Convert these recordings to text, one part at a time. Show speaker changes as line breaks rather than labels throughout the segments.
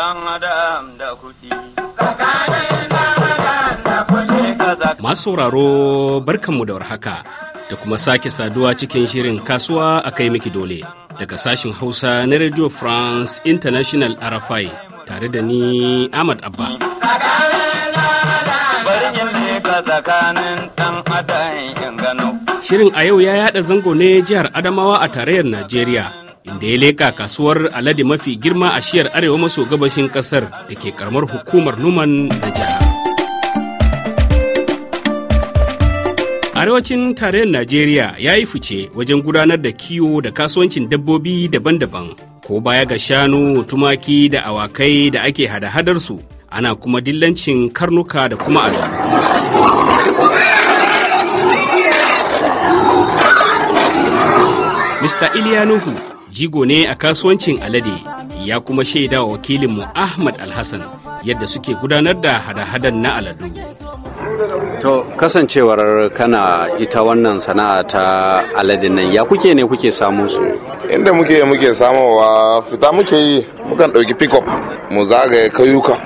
dan adam da kuɗi. Masu sauraro barkanmu da warhaka da kuma sake saduwa cikin shirin kasuwa a kai miki dole daga sashin Hausa na Radio France International RFI tare da ni Ahmad Abba. Shirin a yau ya yada zango ne jihar Adamawa a tarayyar Najeriya. inda ya leka kasuwar alade mafi girma a shiyar arewa maso gabashin kasar da ke karamar hukumar numan da arewacin tarayyar najeriya ya yi fice wajen gudanar da kiwo da kasuwancin dabbobi daban-daban ko baya ga shanu tumaki da awakai da ake hada-hadarsu ana kuma dillancin karnuka da kuma ado Mr. Iliya Nuhu jigo ne a kasuwancin alade ya kuma shaida wa wakilinmu ahmad alhassan yadda suke gudanar da hada-hadan na aladu
to kasancewar kana ita wannan sana'a ta aladin nan ya kuke ne kuke
samu su inda muke muke samowa fita muke yi mukan ɗauki pick-up mu zagaye kayuka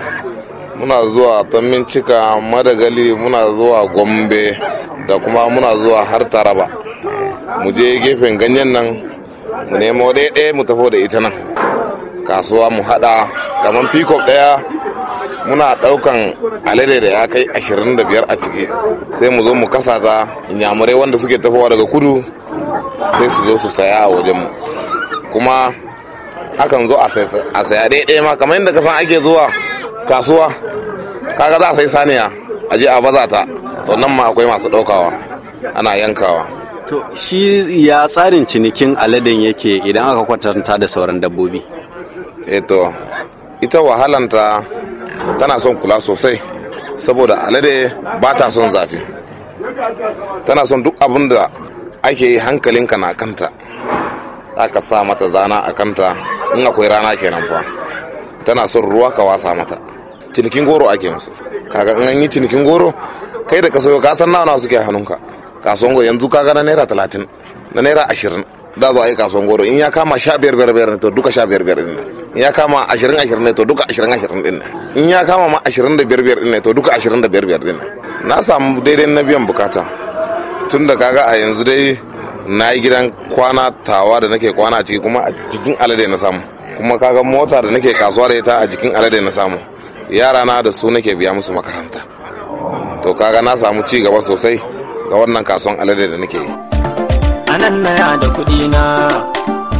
muna zuwa cika madagali muna zuwa gombe da kuma muna zuwa har taraba mu je gefen ganyen nan mu nemo ɗaya mu tafi da ita nan kasuwa mu haɗa kamar pikop daya muna ɗaukan alade da ya kai 25 a ciki sai mu zo mu kasa ta inyamurai wanda suke tafowa daga kudu sai su zo su saya a wajen mu. kuma akan zo a saya ɗaya ma kamar yadda kasan ake zuwa kasuwa kaga za a sai saniya a je a bazata ta to nan ma akwai masu ɗaukawa ana yankawa To shi ya tsarin cinikin aladen yake idan aka kwatanta da sauran dabbobi? Eto, eh ita wahalanta tana son kula sosai saboda alade ba ta son zafi. Tana son duk abin da ake yi hankalinka na kanta. Aka sa mata zana a kanta in akwai rana kenan fa. Tana son ruwa ka wasa mata. Cinikin goro ake musu. Kaga in an yi cinikin goro kai da ka sayo ka san nawa suke hannunka. kasuwan goro yanzu kaga na naira talatin na naira ashirin da zo a yi kasuwan goro in ya kama sha biyar biyar biyar ne to duka sha biyar biyar ne in ya kama ashirin ashirin ne to duka ashirin ashirin din ne in ya kama ma ashirin da biyar biyar ne to duka ashirin da biyar biyar din ne na samu daidai na biyan bukata tun da kaga a yanzu dai na yi gidan kwana tawa da nake kwana ciki kuma a jikin alade na samu kuma kaga mota da nake kasuwa da ita a jikin alade na samu yara na da su nake biya musu makaranta to kaga na samu ci gaba sosai ga wannan kasuwan alade da nake yi
anan da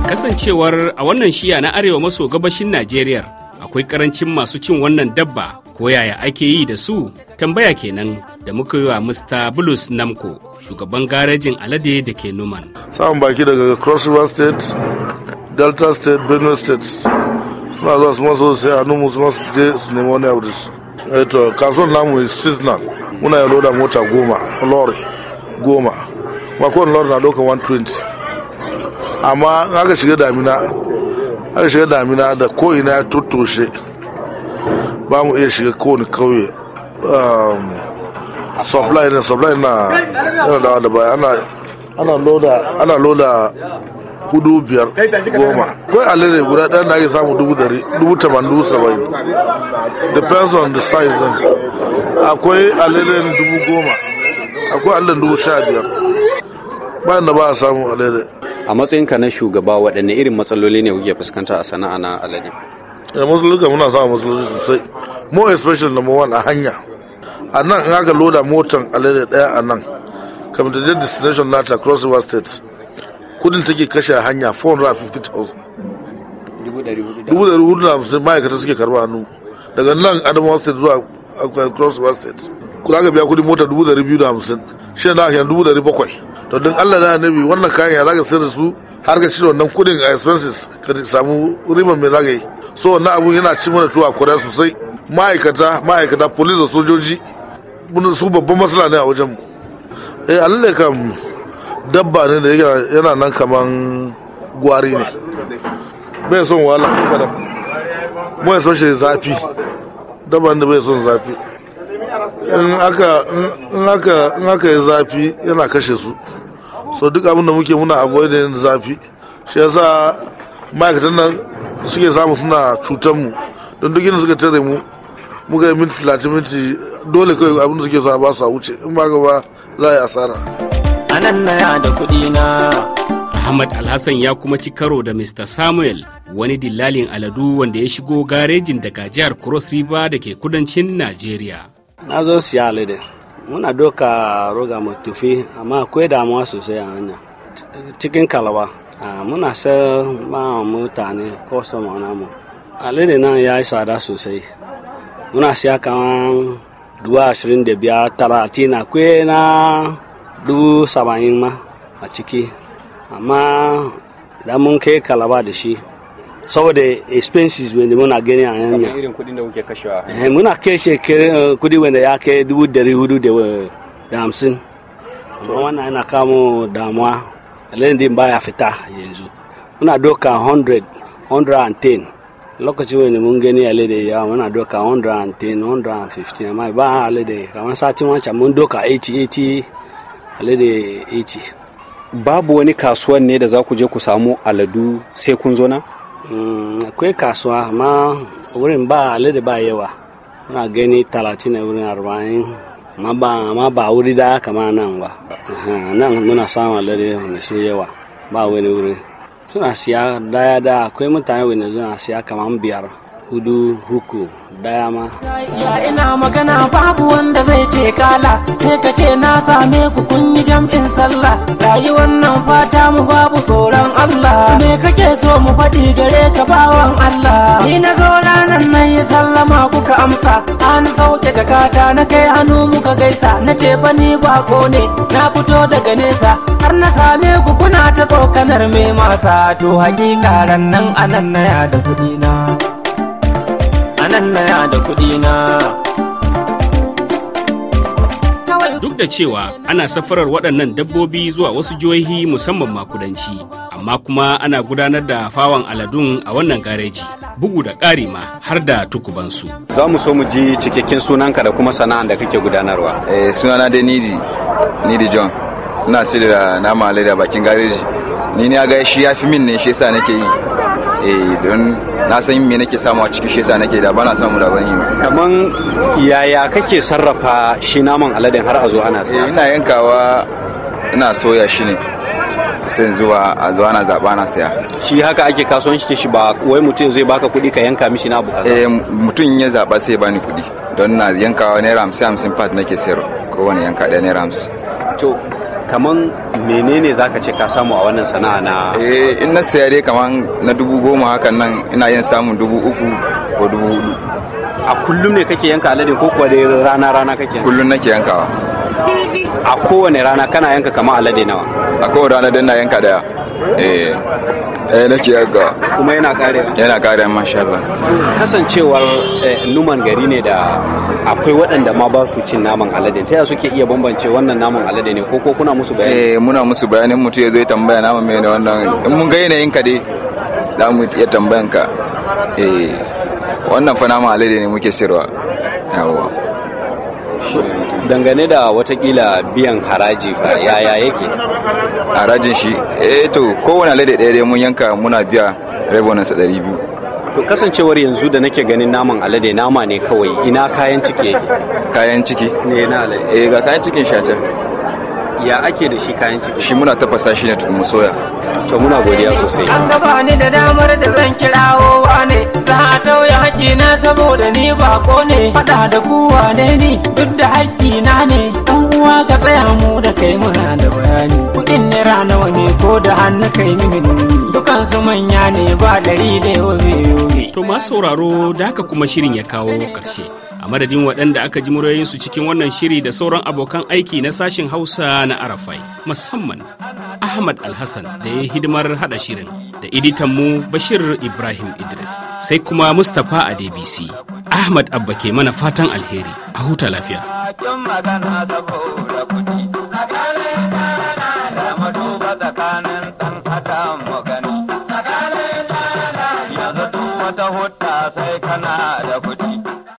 kasancewar a wannan shiya na arewa maso gabashin najeriya akwai karancin masu cin wannan dabba ko yaya ake yi da su tambaya kenan da muka yi wa mr bulus namko shugaban garejin alade da ke numan
samun baki daga cross river state delta state benue state suna zuwa su maso sai a numu su masu je su nemi wani abu da shi eh, kasuwan namu is seasonal muna yin roda mota goma lorry goma ba kowane lord na doka 120 amma aka shiga damina aka shiga damina da ko'ina ya tuttoshe ba mu iya shiga kowane kauye um, supply na supply na yana dawa da baya ana loda ana loda hudu biyar goma kai alere guda ɗaya da ake samu dubu dari dubu tamanin dubu saba'in depends on the size akwai alere dubu goma
akwai allon dubu sha biyar ba da ba a samu alade a matsayinka na shugaba waɗanne irin matsaloli ne kuke fuskanta a sana'a na alade eh, ya matsaloli ga muna
samun matsaloli sosai mo especially number one a hanya a nan in aka loda motan alade ɗaya a nan kamar da destination nata cross river state kudin take kashe a hanya 450,000 dubu da ma'aikata suke karba hannu daga nan adamawa state zuwa cross river state za ka biya kudin mota dubu dari biyu da hamsin shi ne da dubu dari bakwai to don allah na annabi wannan kayan ya zaga ka sayar da su har ka cire wannan kudin a expenses ka samu riban mai zagaye so wannan abu yana ci mana tuwa kuriya sosai ma'aikata ma'aikata polis da sojoji su babban matsala ne a wajen mu eh allah kam dabba ne da yana nan kaman gwari ne bai son wahala kada mu especially zafi dabba da bai son zafi in aka yi zafi yana kashe su so duk abin da muke muna avoiding zafi shi yasa ma'aikatan nan suke samu suna cutar mu don duk inda suka tare mu muka yi minti talatin minti dole kawai abin da suke so a ba su a wuce in
ba gaba za a yi asara anan nan da kuɗi na Ahmad Alhassan ya kuma ci karo da Mr. Samuel wani dillalin aladu wanda ya shigo garejin daga jihar Cross River da ke kudancin Najeriya. na zo siya alade
muna doka roga mu tufi amma akwai damuwa sosai a hanya cikin kalaba muna sayar ma mutane mu. namu alade nan ya yi tsada sosai muna siya kaman dubu ashirin da biyar talatin akwai na dubu saba'in ma a ciki amma idan mun kai kalaba da shi saboda expenses wanda muna gani a yanya
irin kudin da kuke kashewa eh,
muna kashe eh, kudi wanda ya kai dubu dari hudu eh, da hamsin amma wannan yana kamo damuwa lendin baya fita yanzu muna doka 100 110 lokacin wanda mun gani ale da yawa muna doka 110 115 amma ba ale da kamar satin wancan mun doka 80 80 ale 80 babu wani kasuwan ne da za ku je ku samu aladu sai kun zo na Mm, akwai kasuwa ma wurin ba alade ba yawa muna gani talatin a wurin arba'in ma ba wuri da kama nan ba nan muna samun alade masu yawa ba wani wuri suna siya daya da akwai mutane wanda suna siya kamar biyar hudu huku dama.
ya ina magana babu wanda zai ce kala sai ka ce na same ku kun yi jam'in sallah rayuwar wannan fata mu babu tsoron Allah me kake so mu faɗi gare ka bawan Allah ni na zo ranan nan yi sallama kuka amsa an sauke jakata na kai hannu muka gaisa na ce ba ni bako ne na fito daga nesa har na same ku kuna ta tsokanar mai masa to hakika ran nan anan na ya da kudi na nan na da kuɗi na. Duk da cewa ana safarar waɗannan dabbobi zuwa wasu jihohi musamman makudanci, amma kuma ana gudanar da fawon aladun a wannan gareji. bugu da ƙari ma har da tukubansu.
Za mu so mu ji cikakken sunanka da kuma sana'an da kake gudanarwa. Eh, sunana dai Nidi, Nidi John. Ina sayar da nama da bakin gareji. Ni ne ga shi ya fi min ne shi yasa nake yi. eh don na san me nake samu a cikin shesa nake da bana samu da ban yi kaman yaya kake sarrafa shi naman aladen har a zo ana eh, saya ina yankawa ina soya shi ne sai zuwa a zuwa na zaɓa na saya shi haka ake kasuwanci shi ba wai mutum zai baka kuɗi ka yanka mishi na abu eh mutum ya zaɓa sai bani kuɗi don na yankawa naira hamsin hamsin fat nake sayar kowane yanka ɗaya naira hamsin to kaman menene zaka ce ka samu a wannan sana'a na eh, in na saya dai kaman na dubu goma hakan nan ina yin samun dubu uku ko dubu hudu a kullum ne kake yanka alade ko kuwa dai rana rana kake yanka kullum nake yankawa a kowane rana kana yanka kama alade nawa a kowane rana dai na yanka daya eh eh ce yaga kuma yana karewa yana karewa masha Allah kasancewar eh, numan gari ne da akwai waɗanda ma ba su cin naman alade ta yaya suke iya bambance wannan naman alade ne ko ko kuna musu bayani eh muna musu bayanin mutu ya zo ya tambaya naman mai ne wannan in mun ga yanayin ka dai da mu ya tambayan ka eh wannan fa naman alade ne muke sirwa yawa dangane da watakila biyan haraji fa yaya yake harajin shi eh to kowane alade ɗaya mun yanka muna biya revenue sa ɗari biyu to kasancewar yanzu da nake ganin naman alade nama ne kawai ina kayan ciki yake kayan ciki ne na alade eh ga kayan cikin shi a can ya ake da shi kayan ciki shi muna tafasa shi ne tukun soya to muna godiya sosai an
gaba ni da damar da zan kirawo wane za a tauya haƙi na saboda ni ba ko ne fada da kuwa ne ni duk da haƙi na ne an uwa ka tsaya mu da kai muna da bayani kuɗin ne rana ne ko da hannu kai mini nuni dukan su manya ne ba dari da yau biyu to ma sauraro da haka kuma shirin ya kawo ƙarshe a madadin waɗanda aka ji su cikin wannan shiri da sauran abokan aiki na sashen hausa na arafai musamman ahmad alhassan da ya hidimar hada shirin da editanmu bashir ibrahim idris sai kuma mustapha a dbc ahmad abba ke mana fatan alheri a huta lafiya